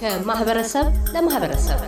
ከማህበረሰብ ለማህበረሰብ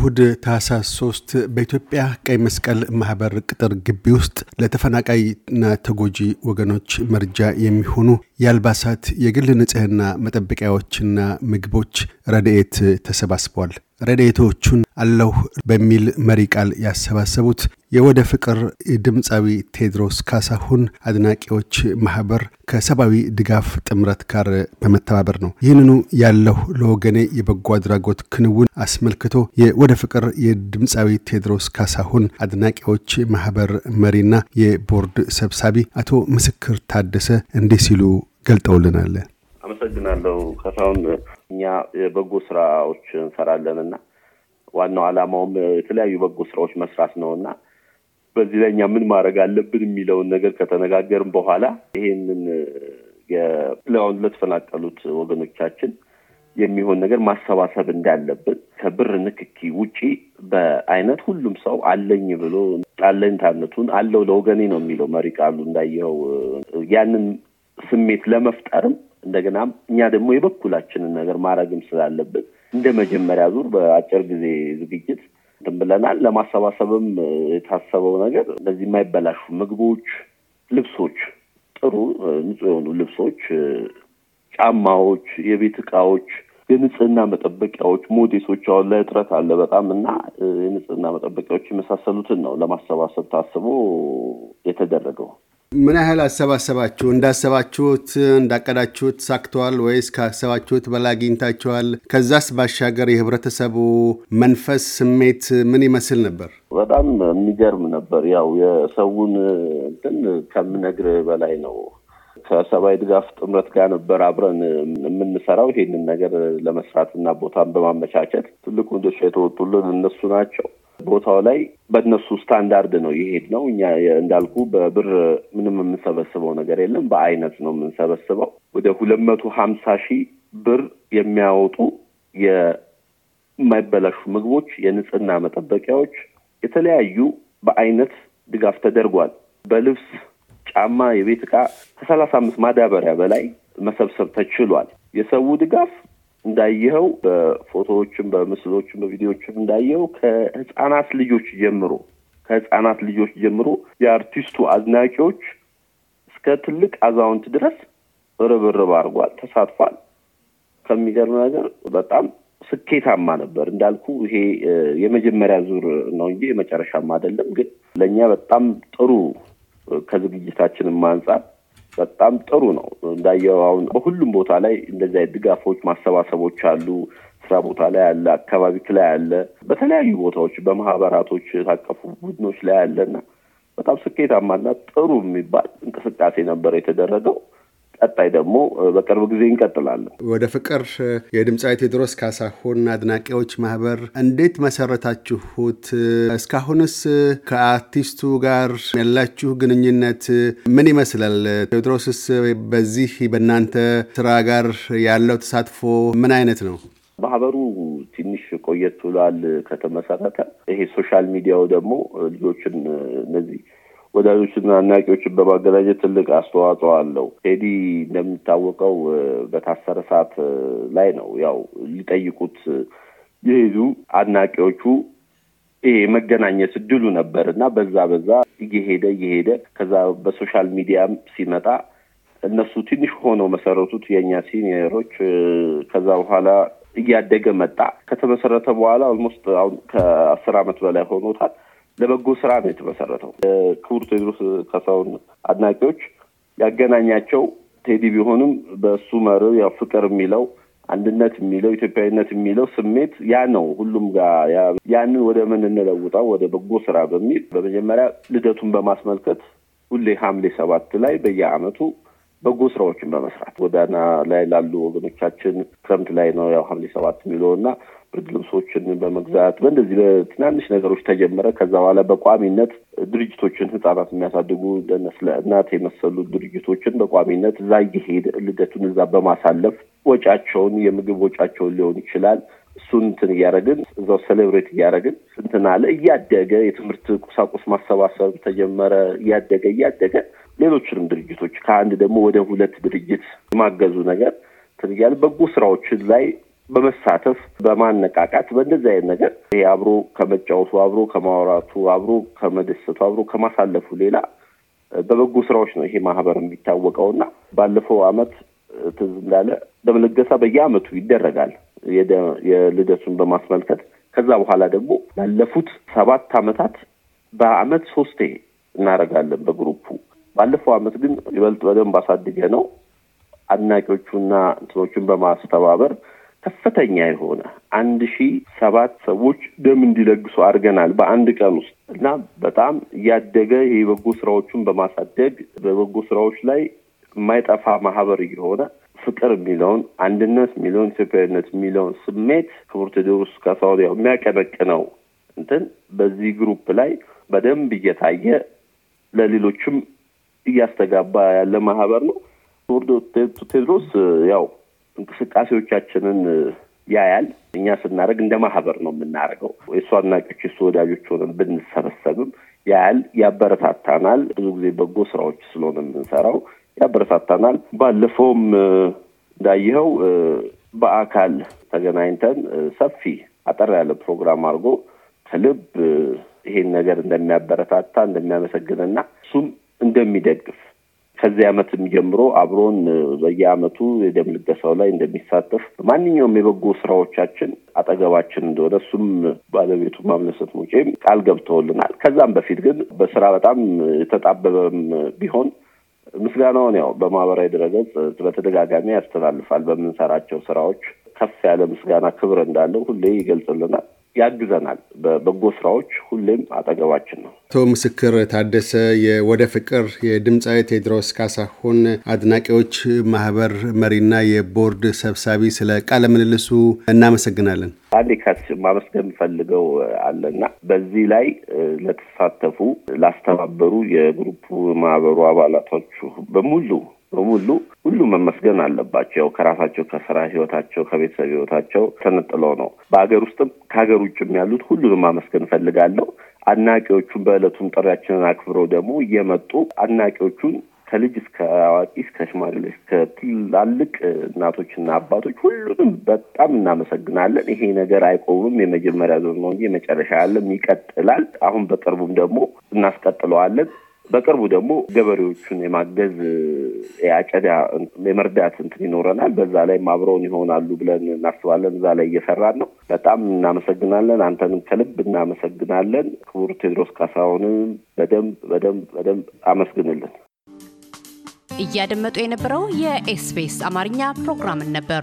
እሁድ ታህሳስ 3 በኢትዮጵያ ቀይ መስቀል ማህበር ቅጥር ግቢ ውስጥ ለተፈናቃይና ተጎጂ ወገኖች መርጃ የሚሆኑ የአልባሳት፣ የግል ንጽህና መጠበቂያዎችና ምግቦች ረድኤት ተሰባስቧል። ረድኤቶቹን አለሁ በሚል መሪ ቃል ያሰባሰቡት የወደ ፍቅር ድምፃዊ ቴዎድሮስ ካሳሁን አድናቂዎች ማህበር ከሰብአዊ ድጋፍ ጥምረት ጋር በመተባበር ነው። ይህንኑ ያለሁ ለወገኔ የበጎ አድራጎት ክንውን አስመልክቶ የወደ ፍቅር የድምፃዊ ቴዎድሮስ ካሳሁን አድናቂዎች ማህበር መሪና የቦርድ ሰብሳቢ አቶ ምስክር ታደሰ እንዲህ ሲሉ ገልጠውልናል። አመሰግናለሁ ከሳሁን። እኛ የበጎ ስራዎች እንሰራለን እና ዋናው አላማውም የተለያዩ በጎ ስራዎች መስራት ነው እና በዚህ ላይ እኛ ምን ማድረግ አለብን የሚለውን ነገር ከተነጋገርን በኋላ ይሄንን ለአሁን ለተፈናቀሉት ወገኖቻችን የሚሆን ነገር ማሰባሰብ እንዳለብን ከብር ንክኪ ውጪ በአይነት ሁሉም ሰው አለኝ ብሎ አለኝታነቱን አለው ለወገኔ ነው የሚለው መሪ ቃሉ እንዳየኸው ያንን ስሜት ለመፍጠርም እንደገና እኛ ደግሞ የበኩላችንን ነገር ማድረግም ስላለብን እንደ መጀመሪያ ዙር በአጭር ጊዜ ዝግጅት እንትን ብለናል። ለማሰባሰብም የታሰበው ነገር እነዚህ የማይበላሹ ምግቦች፣ ልብሶች፣ ጥሩ ንጹህ የሆኑ ልብሶች፣ ጫማዎች፣ የቤት እቃዎች፣ የንጽህና መጠበቂያዎች፣ ሞዴሶች አሁን ላይ እጥረት አለ በጣም እና የንጽህና መጠበቂያዎች የመሳሰሉትን ነው ለማሰባሰብ ታስቦ የተደረገው። ምን ያህል አሰባሰባችሁ? እንዳሰባችሁት እንዳቀዳችሁት ሳክተዋል ወይስ ካሰባችሁት በላይ አግኝታችኋል? ከዛስ ባሻገር የህብረተሰቡ መንፈስ፣ ስሜት ምን ይመስል ነበር? በጣም የሚገርም ነበር። ያው የሰውን እንትን ከምነግር በላይ ነው። ከሰብአዊ ድጋፍ ጥምረት ጋር ነበር አብረን የምንሰራው። ይሄንን ነገር ለመስራትና ቦታን በማመቻቸት ትልቁን ድርሻ የተወጡልን እነሱ ናቸው። ቦታው ላይ በእነሱ ስታንዳርድ ነው ይሄድ ነው። እኛ እንዳልኩ በብር ምንም የምንሰበስበው ነገር የለም። በአይነት ነው የምንሰበስበው። ወደ ሁለት መቶ ሀምሳ ሺህ ብር የሚያወጡ የማይበላሹ ምግቦች፣ የንጽህና መጠበቂያዎች፣ የተለያዩ በአይነት ድጋፍ ተደርጓል። በልብስ ጫማ፣ የቤት እቃ ከሰላሳ አምስት ማዳበሪያ በላይ መሰብሰብ ተችሏል። የሰው ድጋፍ እንዳየኸው በፎቶዎችም በምስሎችም በቪዲዮዎችም እንዳየኸው ከህጻናት ልጆች ጀምሮ ከህጻናት ልጆች ጀምሮ የአርቲስቱ አድናቂዎች እስከ ትልቅ አዛውንት ድረስ ርብርብ አድርጓል፣ ተሳትፏል። ከሚገርም ነገር በጣም ስኬታማ ነበር። እንዳልኩ ይሄ የመጀመሪያ ዙር ነው እንጂ የመጨረሻም አይደለም። ግን ለእኛ በጣም ጥሩ ከዝግጅታችንም አንጻር በጣም ጥሩ ነው። እንዳየው አሁን በሁሉም ቦታ ላይ እንደዚያ ድጋፎች ማሰባሰቦች አሉ። ስራ ቦታ ላይ አለ፣ አካባቢክ ላይ አለ፣ በተለያዩ ቦታዎች በማህበራቶች የታቀፉ ቡድኖች ላይ አለ እና በጣም ስኬታማና ጥሩ የሚባል እንቅስቃሴ ነበር የተደረገው። ቀጣይ ደግሞ በቅርብ ጊዜ እንቀጥላለን። ወደ ፍቅር የድምፃዊ ቴዎድሮስ ካሳሁን አድናቂዎች ማህበር እንዴት መሰረታችሁት? እስካሁንስ ከአርቲስቱ ጋር ያላችሁ ግንኙነት ምን ይመስላል? ቴዎድሮስስ በዚህ በእናንተ ስራ ጋር ያለው ተሳትፎ ምን አይነት ነው? ማህበሩ ትንሽ ቆየት ብሏል ከተመሰረተ። ይሄ ሶሻል ሚዲያው ደግሞ ልጆችን እነዚህ ወዳጆችና አድናቂዎችን በማገናኘት ትልቅ አስተዋጽኦ አለው። ቴዲ እንደሚታወቀው በታሰረ ሰዓት ላይ ነው ያው ሊጠይቁት የሄዱ አድናቂዎቹ ይሄ መገናኘት እድሉ ነበር እና በዛ በዛ እየሄደ እየሄደ ከዛ በሶሻል ሚዲያም ሲመጣ እነሱ ትንሽ ሆነው መሰረቱት የእኛ ሲኒየሮች። ከዛ በኋላ እያደገ መጣ። ከተመሰረተ በኋላ ኦልሞስት አሁን ከአስር ዓመት በላይ ሆኖታል። ለበጎ ስራ ነው የተመሰረተው። ክቡር ቴድሮስ ካሳሁን አድናቂዎች ያገናኛቸው ቴዲ ቢሆንም በእሱ መርህ ያው ፍቅር የሚለው አንድነት የሚለው ኢትዮጵያዊነት የሚለው ስሜት ያ ነው። ሁሉም ጋር ያንን ወደ ምን እንለውጠው ወደ በጎ ስራ በሚል በመጀመሪያ ልደቱን በማስመልከት ሁሌ ሐምሌ ሰባት ላይ በየአመቱ በጎ ስራዎችን በመስራት ጎዳና ላይ ላሉ ወገኖቻችን ክረምት ላይ ነው ያው ሐምሌ ሰባት የሚለው እና ብርድ ልብሶችን በመግዛት በእንደዚህ በትናንሽ ነገሮች ተጀመረ። ከዛ በኋላ በቋሚነት ድርጅቶችን ህጻናት የሚያሳድጉ ለነስለ እናት የመሰሉ ድርጅቶችን በቋሚነት እዛ እየሄድ ልደቱን እዛ በማሳለፍ ወጫቸውን የምግብ ወጫቸውን ሊሆን ይችላል እሱን እንትን እያደረግን እዛው ሴሌብሬት እያደረግን እንትን አለ እያደገ የትምህርት ቁሳቁስ ማሰባሰብ ተጀመረ። እያደገ እያደገ ሌሎችንም ድርጅቶች ከአንድ ደግሞ ወደ ሁለት ድርጅት የማገዙ ነገር እንትን እያለ በጎ ስራዎችን ላይ በመሳተፍ በማነቃቃት በእንደዚህ አይነት ነገር ይሄ አብሮ ከመጫወቱ አብሮ ከማውራቱ አብሮ ከመደሰቱ አብሮ ከማሳለፉ ሌላ በበጎ ስራዎች ነው ይሄ ማህበር የሚታወቀው እና ባለፈው አመት ትዝ እንዳለ ደመለገሳ በየአመቱ ይደረጋል የልደቱን በማስመልከት ከዛ በኋላ ደግሞ ላለፉት ሰባት አመታት በአመት ሶስቴ እናደርጋለን በግሩፑ። ባለፈው አመት ግን ይበልጥ በደንብ አሳድገ ነው አድናቂዎቹና እንትኖቹን በማስተባበር ከፍተኛ የሆነ አንድ ሺ ሰባት ሰዎች ደም እንዲለግሱ አድርገናል በአንድ ቀን ውስጥ እና በጣም እያደገ የበጎ ስራዎቹን በማሳደግ በበጎ ስራዎች ላይ የማይጠፋ ማህበር እየሆነ ፍቅር የሚለውን አንድነት የሚለውን ኢትዮጵያዊነት የሚለውን ስሜት ክቡር ቴዎድሮስ ካሳሁን ያው የሚያቀነቅነው እንትን በዚህ ግሩፕ ላይ በደንብ እየታየ ለሌሎችም እያስተጋባ ያለ ማህበር ነው። ክቡር ቴዎድሮስ ያው እንቅስቃሴዎቻችንን ያያል። እኛ ስናደርግ እንደ ማህበር ነው የምናደርገው። የእሱ አድናቂዎች የእሱ ወዳጆች ሆነን ብንሰበሰብም ያያል፣ ያበረታታናል። ብዙ ጊዜ በጎ ስራዎች ስለሆነ የምንሰራው ያበረታታናል። ባለፈውም እንዳየኸው በአካል ተገናኝተን ሰፊ አጠር ያለ ፕሮግራም አድርጎ ከልብ ይሄን ነገር እንደሚያበረታታ እንደሚያመሰግንና እሱም እንደሚደግፍ ከዚህ ዓመትም ጀምሮ አብሮን በየዓመቱ የደም ልገሳው ላይ እንደሚሳተፍ ማንኛውም የበጎ ስራዎቻችን አጠገባችን እንደሆነ እሱም ባለቤቱ ማምለሰት ሙጬም ቃል ገብተውልናል። ከዛም በፊት ግን በስራ በጣም የተጣበበም ቢሆን ምስጋናውን ያው በማህበራዊ ድረገጽ በተደጋጋሚ ያስተላልፋል። በምንሰራቸው ስራዎች ከፍ ያለ ምስጋና ክብር እንዳለው ሁሌ ይገልጽልናል። ያግዘናል። በበጎ ስራዎች ሁሌም አጠገባችን ነው። አቶ ምስክር ታደሰ የወደ ፍቅር የድምፃዊ ቴድሮስ ካሳሁን አድናቂዎች ማህበር መሪና የቦርድ ሰብሳቢ፣ ስለ ቃለ ምልልሱ እናመሰግናለን። አንድ ካስ ማመስገን ፈልገው አለና በዚህ ላይ ለተሳተፉ ላስተባበሩ የግሩፕ ማህበሩ አባላቶች በሙሉ በሙሉ ሁሉ መመስገን አለባቸው። ከራሳቸው ከስራ ህይወታቸው፣ ከቤተሰብ ህይወታቸው ተነጥለው ነው። በሀገር ውስጥም ከሀገር ውጭም ያሉት ሁሉንም ማመስገን እፈልጋለሁ። አድናቂዎቹን በዕለቱም ጥሪያችንን አክብረው ደግሞ እየመጡ አድናቂዎቹን ከልጅ እስከ አዋቂ እስከ ሽማግሌ እስከ ትላልቅ እናቶችና አባቶች ሁሉንም በጣም እናመሰግናለን። ይሄ ነገር አይቆምም። የመጀመሪያ ዞር ነው እንጂ የመጨረሻ ያለም ይቀጥላል። አሁን በቅርቡም ደግሞ እናስቀጥለዋለን። በቅርቡ ደግሞ ገበሬዎቹን የማገዝ የአጨዳ የመርዳት እንትን ይኖረናል። በዛ ላይም አብረውን ይሆናሉ ብለን እናስባለን። እዛ ላይ እየሰራን ነው። በጣም እናመሰግናለን። አንተንም ከልብ እናመሰግናለን። ክቡር ቴድሮስ ካሳሁንም በደንብ በደንብ በደንብ አመስግንልን። እያደመጡ የነበረው የኤስቢኤስ አማርኛ ፕሮግራምን ነበር።